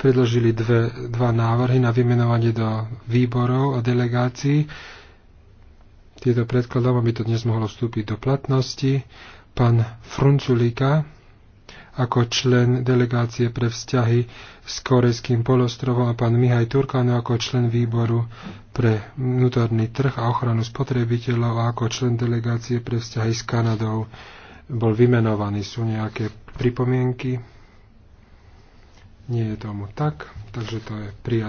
predložili dve, dva návrhy na vymenovanie do výborov a delegácií. Tieto predkladám, aby to dnes mohlo vstúpiť do platnosti. Pán Frunculika ako člen delegácie pre vzťahy s Korejským polostrovom a pán Mihaj Turkano ako člen výboru pre vnútorný trh a ochranu spotrebiteľov a ako člen delegácie pre vzťahy s Kanadou bol vymenovaný. Sú nejaké pripomienky? Nie je tomu tak, takže to je prijaté.